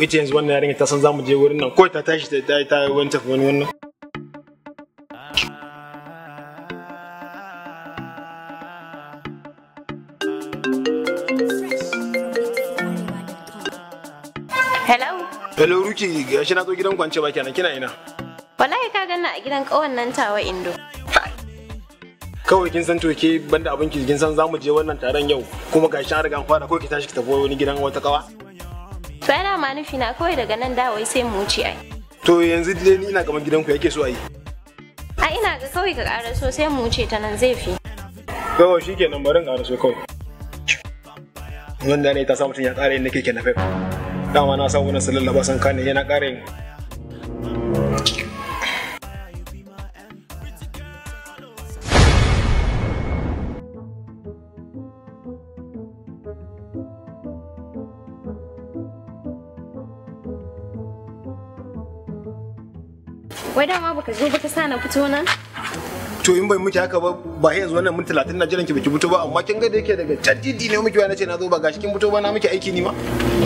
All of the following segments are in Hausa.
to ita yanzu wannan yarinya ta san zamu je wurin nan ko ta tashi ta ta wani tafi wani wannan Hello. Hello Ruki, gashi na zo gidan kwance ba kenan kina ina? Wallahi ka ganna a gidan kawan nan tawa Indo. kawai kin san toke banda abin kin san zamu je wannan taron yau kuma gashi an riga an fara ko ki tashi ki tafi wani gidan wata kawa sana ma nufi na kawai daga nan da wai sai mu wuce ai to yanzu dai ni ina gaban gidanku yake so ai a ina ga kawai ka ƙara so sai mu wuce ta nan zai fi kawai shikenan barin ƙara so kawai wanda ne ta sa mutum ya ƙara yin nake ke na fai dama na sa wani salon san kane yana ƙara yin Wai dama baka zo baka sa na fito nan? To in bai muke haka ba ba yanzu wannan mun 30 na jiran ki baki fito ba amma kin ga da yake daga tadidi ne wani ce na zo ba gashi kin fito ba na aiki ni ma.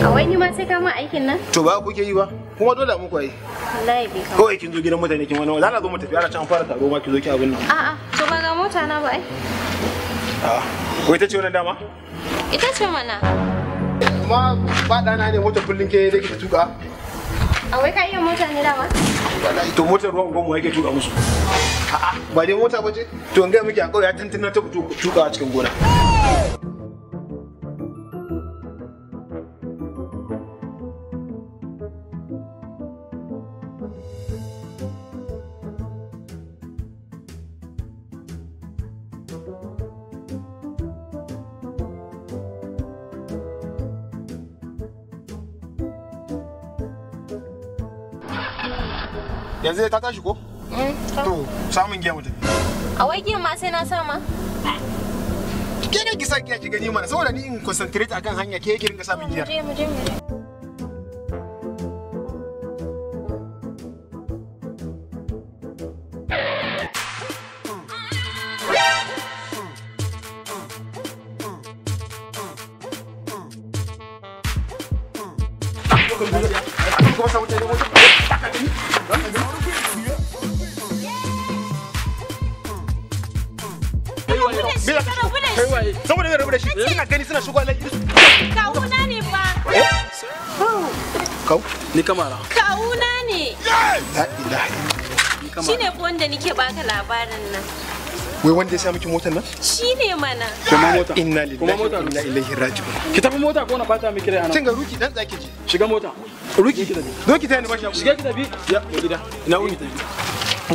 A wai ni ma sai ka aikin nan? To ba kuke ba kuma dole Wallahi bai ka. Kawai kin zo gidan mutane kin wani zo mu tafi ana can fara taro ma ki to ba ga ba ai. ba ne mota kullun ke tuka. A wai ka iya mota ne dama? To motar ruwan gwamma yake tuka musu. Ba dai mota ba ce? To in ga miki a ya tantana ta tuka a cikin gona. thank you yanzu ta tashi ko eh, to samun giya mutum a wai giya ma sai na sama ke ne ki ki gani mana saboda ni in concentrate akan hanya ke ki ringa samun giya mu je mu je Vamos a da shi ka da da ne kau ni kamara kawuna ne la ilaha shine fa wanda nake baka labarin nan wai mana kuma inna lillahi kuma mota inna ilaihi raji'un ki tafi mota ko na bata miki rai anan ruki dan tsaki ji shiga ruki doki kita ni bashi shiga ki ya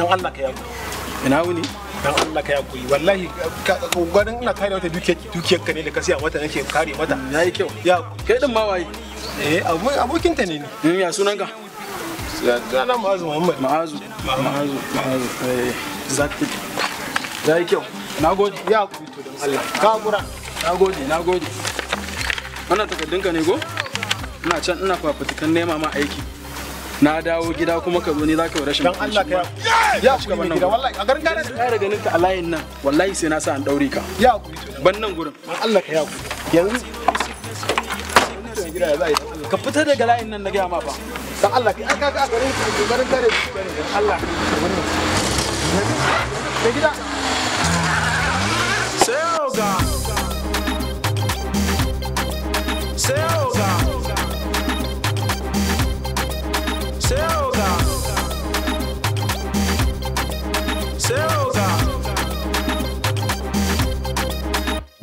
Allah ka yabo dan Allah ka yakuri wallahi gwanin ina kare wata dukiyar ka ne da ka siya mata nake kare mata mm, yayi kyau ya kai din ma waye eh abokin ta ne ni mm, ya sunan ka sunan Ma'azu Muhammad Ma'azu Ma'azu Ma'azu eh zakti kyau nagode ya kuri to dan Allah ka gura nagode nagode wannan takardun ka ne go ina can ina fafutukan nema ma aiki na dawo gida kuma ka zo ni zaka yi rashin dan Allah ka ya shiga wannan gida wallahi a garin garin ka daga ninka a layin nan wallahi sai na sa an daure ka ya ban nan gurin dan Allah ka ya yanzu ka fita daga layin nan na gaya ma fa dan Allah ka aka ga garin garin garin Allah ka gida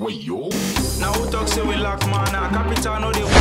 Wait, yo. Now who talks? say we lack mana? Capital know they